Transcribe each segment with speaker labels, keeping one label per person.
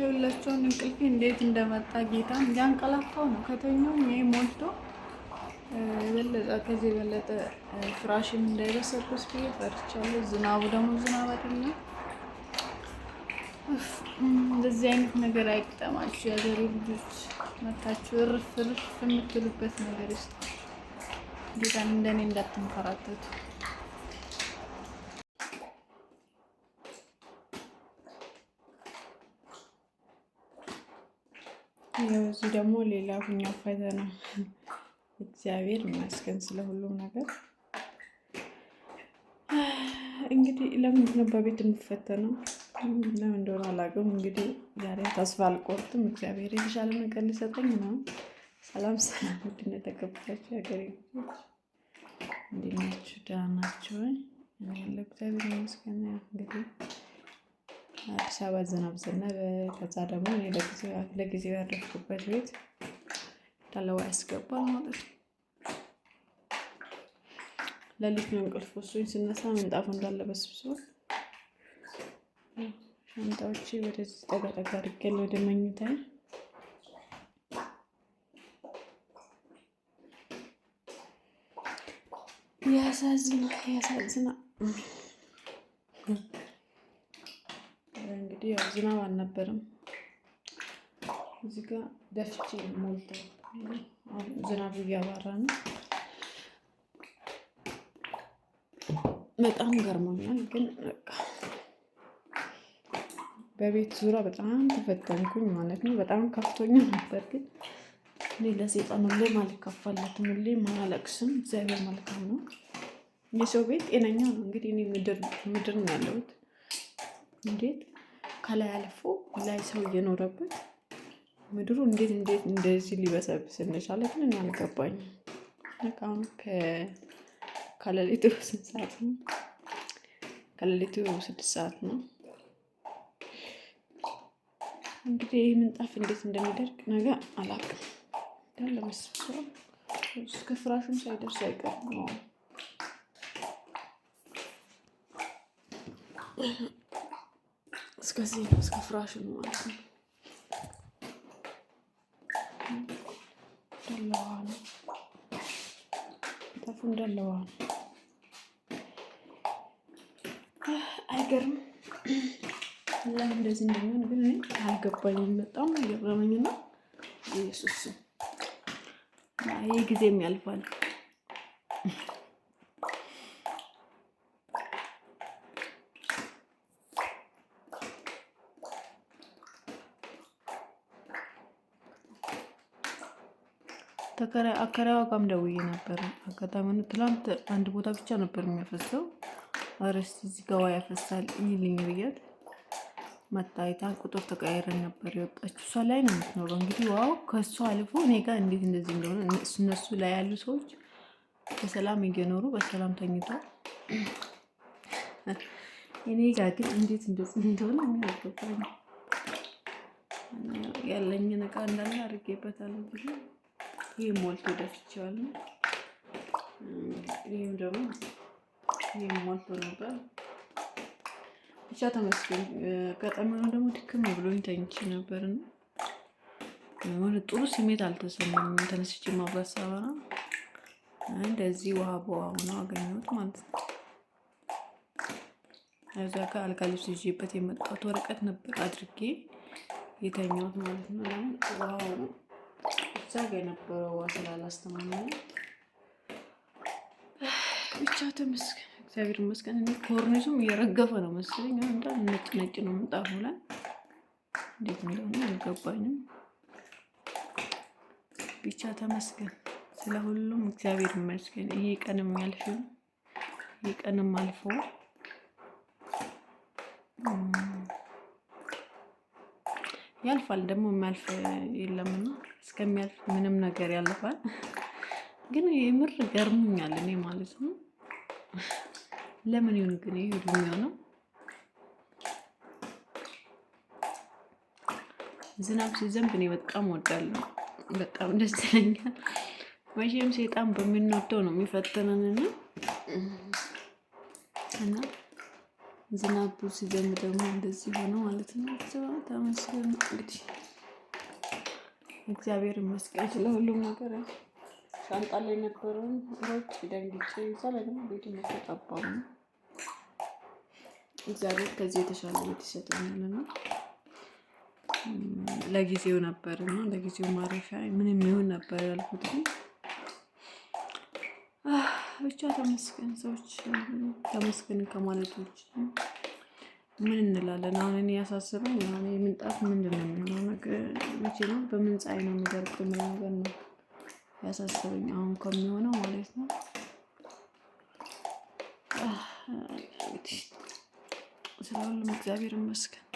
Speaker 1: የሁላቸውን እንቅልፍ እንዴት እንደመጣ ጌታ እንዲያንቀላፋው ነው። ከተኛውም ይሄ ሞልቶ የበለጠ ከዚህ የበለጠ ፍራሽም እንዳይበሰብስ ብዬ ፈርቻለሁ። ዝናቡ ደግሞ ዝናብ አይደለም። እንደዚህ አይነት ነገር አይቅጠማችሁ የሀገሬ ልጆች፣ መታችሁ እርፍ እርፍ የምትሉበት ነገር ይስጣችሁ። ጌታን እንደኔ እንዳትንከራተቱ። ያው እዚህ ደግሞ ሌላ ሁኛው ፈተና እግዚአብሔር ይመስገን ስለ ሁሉም ነገር። እንግዲህ ለምንድን ነው በቤት የምፈተነው? ለምን እንደሆነ አላውቅም። እንግዲህ ዛሬ ተስፋ አልቆርጥም። እግዚአብሔር የተሻለ ነገር ሊሰጠኝ ነው። ሰላም ሰላም፣ ውድና የተከበራችሁ የሀገሬ ልጆች እንዴት ናችሁ? ደህና ናችሁ እግዚአብሔር ይመስገን እንግዲህ አዲስ አበባ ዝናብ ዘነበ። ከዛ ደግሞ ለጊዜው ያረፍኩበት ቤት ያስገባል ማለት ነው። ለሊት ነው እንቅልፍ ወስዶኝ ስነሳ ምንጣፉ እንዳለ ወደዚህ ጠጋጠጋ ወደ ያሳዝና ያሳዝና እንግዲህ ያው ዝናብ አልነበረም። እዚህ ጋር ደፍቼ ሞልቶ ዝናቡ እያባራ ነው። በጣም ገርሞኛል። ግን በቤት ዙሪያ በጣም ተፈተንኩኝ ማለት ነው። በጣም ከፍቶኛ ነበር። ግን እኔ ለሴጣን ሁሌም አልከፋለትም፣ ሁሌም አላለቅስም። እግዚአብሔር መልካም ነው። የሰው ቤት ጤነኛ ነው። እንግዲህ እኔ ምድር ነው ያለሁት እንዴት ከላይ አልፎ ላይ ሰው እየኖረበት ምድሩ እንዴት እንዴት እንደዚህ ሊበሰብስ እንደቻለ ግን እኔ አልገባኝም። አሁን ከሌሊቱ ስንት ሰዓት ነው? ከሌሊቱ ስድስት ሰዓት ነው። እንግዲህ ይህ ምንጣፍ እንዴት እንደሚደርቅ ነገ አላውቅም። ያለ መስሶ እስከ ፍራሹም ሳይደርስ አይቀርም። እስከዚህ እስከ ፍራሽ ነው ማለት ነው። ደለዋ ነው ነው። አይገርም ለምን እንደዚህ እንደሚሆን ግን አልገባኝም። በጣም ነው ኢየሱስ ይህ ጊዜም ያልፋል። አከራዋ ጋም ደውዬ ነበር። አጋጣሚ ትላንት አንድ ቦታ ብቻ ነበር የሚያፈሰው። አረስቲ እዚህ ጋዋ ያፈሳል ይልኝ ብያት መታይታን ቁጥር ተቀያይረን ነበር የወጣችው እሷ ላይ ነው የምትኖረው። እንግዲህ ዋው ከእሷ አልፎ እኔ ጋር እንዴት እንደዚህ እንደሆነ እነሱ ላይ ያሉ ሰዎች በሰላም እየኖሩ በሰላም ተኝቷል። እኔ ጋር ግን እንዴት እንደዚህ እንደሆነ ያለኝን እቃ እንዳለ አድርጌበታለሁ። ይህ ሞልቶ ደፍቼዋለሁ። ይህም ደግሞ ይህም ሞልቶ ነበር። ብቻ ተመስገን። አጋጣሚ ደግሞ ድክም ብሎኝ ተኝቼ ነበር እና የሆነ ጥሩ ስሜት አልተሰማኝም። ተነስቼ ማብራት ሳበራ እንደዚህ ውሃ በውሃ ሆኖ አገኘሁት ማለት ነው። እዛ ጋር አልጋ ልብስ ይዤበት የመጣሁት ወረቀት ነበር አድርጌ የተኛሁት ማለት ነው። ዋው እዛ ጋ የነበረው ውሃ ስላላስተማመነ ብቻ ተመስገን፣ እግዚአብሔር ይመስገን። እኔ ኮርኒሱም እየረገፈ ነው መሰለኝ፣ እንዳል ነጭ ነጭ ነው ምንጣፉ ላይ። እንዴት እንደሆነ አልገባኝም። ብቻ ተመስገን፣ ስለ ሁሉም እግዚአብሔር ይመስገን። ይሄ ቀንም ያልፍ፣ ይሄ ቀንም አልፎ ያልፋል። ደግሞ የሚያልፍ የለምና እስከሚያልፍ ምንም ነገር ያልፋል። ግን የምር ገርሞኛል እኔ ማለት ነው። ለምን ይሁን ግን ይሄ ሁሉ ነው። ዝናብ ሲዘንብ እኔ በጣም ወዳለሁ፣ በጣም ደስ ይለኛል። መቼም ሴጣን በሚንወደው ነው የሚፈተነን እና ዝናቡ ሲዘንብ ደግሞ እንደዚህ ሆነ ማለት ነው። ተመስገን እንግዲህ እግዚአብሔር ይመስገን ስለሁሉም ነገር። ሻንጣ ላይ የነበረውን ሮጭ ደንግጬ ሰለንም ቤቱ መተጣባሙ እግዚአብሔር ከዚህ የተሻለ ቤት ይሰጠኛል ይሰጠኛልና ለጊዜው ነበር እና ለጊዜው ማረፊያ ምንም ይሁን ነበር ያልኩት። ብቻ ተመስገን ሰዎች ተመስገን ከማለት ውጭ ምን እንላለን አሁን? እኔ ያሳስበኝ ሁ የምንጣፍ ምንድን ነው የሚሆነው? መቼ ነው በምን ፀሐይ ነው የሚደርቅ? ምን ነገር ነው ያሳስበኝ አሁን ከሚሆነው ማለት ነው። ስለ ሁሉም እግዚአብሔር ይመስገን።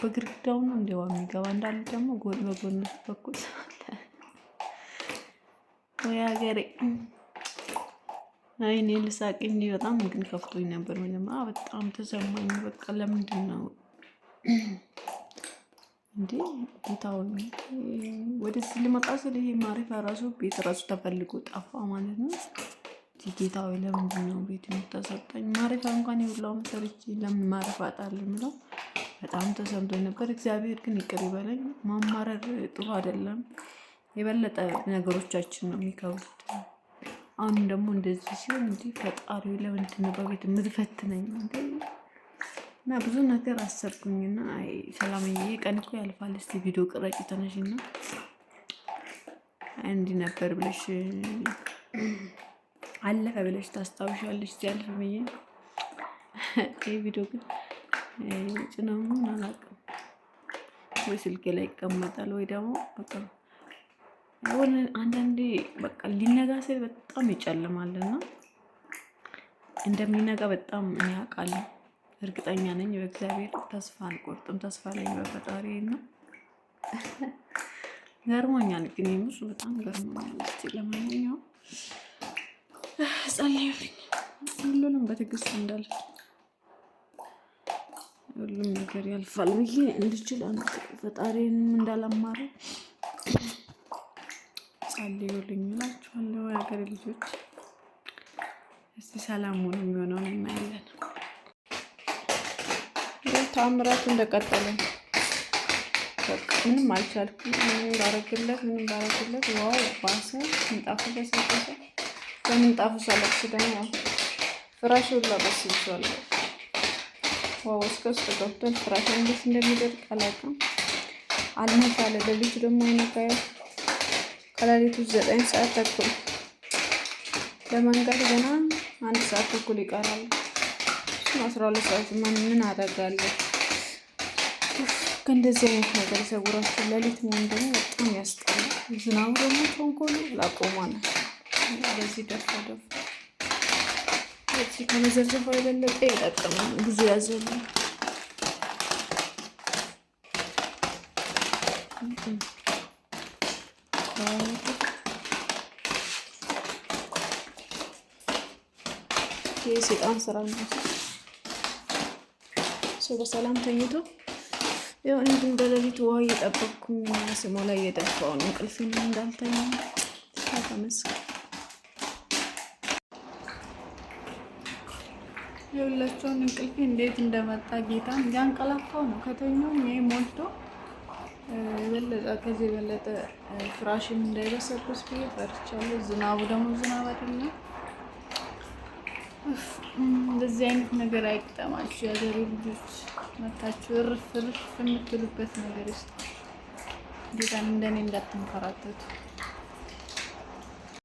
Speaker 1: በግርግዳው ነው እንዲዋ የሚገባ እንዳለ ደግሞ ጎን በጎን በኩል ወይ ሀገሬ አይ እኔ ልሳቅ እንጂ በጣም ግን ከፍቶኝ ነበር። መጀመሪያ በጣም ተሰማኝ። በቃ ለምንድን ነው እንዴ ቦታውን ወደዚህ ልመጣ ስል ይሄ ማረፊያ ራሱ ቤት ራሱ ተፈልጎ ጠፋ ማለት ነው። ወይ ለምንድን ነው ቤት የምታሰጠኝ? ማረፊያ እንኳን የሁላውም ሰርቼ ለምን ማረፊያ አጣለሁ የምለው በጣም ተሰምቶኝ ነበር። እግዚአብሔር ግን ይቅር ይበለኝ። ማማረር ጥሩ አይደለም። የበለጠ ነገሮቻችን ነው የሚከብዱት። አሁን ደግሞ እንደዚህ ሲሆን እንዲ ፈጣሪ ለምንድን ነው በቤት የምትፈትነኝ? እና ብዙ ነገር አሰርኩኝና ሰላምዬ፣ ቀን እኮ ያልፋል፣ እስቲ ቪዲዮ ቅረጭ ተነሽና እንዲህ ነበር ብለሽ አለፈ ብለሽ ታስታውሻለሽ ሲያልፍ ብዬ ይህ ቪዲዮ ግን ጭነሙን አላውቅም ወይ ስልኬ ላይ ይቀመጣል ወይ ደግሞ በቃ የሆነ አንዳንዴ በቃ ሊነጋ ስል በጣም ይጨልማልና እንደሚነጋ በጣም እኔ አውቃለሁ። እርግጠኛ ነኝ በእግዚአብሔር ተስፋ አልቆርጥም። ተስፋ ላይ በፈጣሪ ነው። ገርሞኛል፣ ግን የምሱ በጣም ገርሞኛል። እስቲ ለማንኛውም ጸልዩልኝ፣ ሁሉንም በትዕግስት እንዳል ሁሉም ነገር ያልፋል ብዬ እንድችል ፈጣሪን እንዳላማረው ጸልዩልኝ እላችኋለሁ። የሀገር ልጆች እስቲ ሰላም ሆኖ የሚሆነውን እናያለን። እንደቀጠለ ምንም አልቻልኩም። ምንም ባረግለት ምንም ባረግለት ዋው ባሰ። ምንጣፉ በምንጣፉ ሳለቅስ ደግሞ ፍራሽ ሁላ በስ ዋው እስከ ውስጥ ፍራሽ እንዴት እንደሚደርቅ አላውቅም። ደግሞ ከሌሊቱ ዘጠኝ ሰዓት ተኩል ለመንገድ ገና አንድ ሰዓት ተኩል ይቀራል። አስራ ሁለት ሰዓት ማን ምን አደርጋለሁ? ከእንደዚህ አይነት ነገር ይሰውራችሁ። ሌሊት መሆን ደግሞ በጣም ያስጠላል። ዝናቡ ደግሞ ተንኮሉ ላቆሟል። በዚህ ደፋ ደፍ በዚህ ከመዘርዘፋ የበለጠ ይጠቅማል። ጊዜ ያዘሉ Thank የሴጣን ስራ ሰው በሰላም ተኝቶ የሆነ ግን በሌሊት ውሃ እየጠበቅኩኝ ስሞ ላይ እየጠፋው ነው እንቅልፌን እንዳልተኛ ተመስገን። የሁላቸውን እንቅልፌ እንዴት እንደመጣ ጌታ እያንቀላፋው ነው ከተኛው ይሄ ሞልቶ የበለጠ ከዚህ የበለጠ ፍራሽን እንዳይበሰብስ ብዬ ፈርቻለሁ። ዝናቡ ደግሞ ዝናብ አይደለም። እንደዚህ አይነት ነገር አይቅጠማችሁ የሀገሬ ልጆች፣ መታችሁ እርፍ እርፍ የምትሉበት ነገር ይስጥ። ጌታን እንደኔ እንዳትንከራተቱ።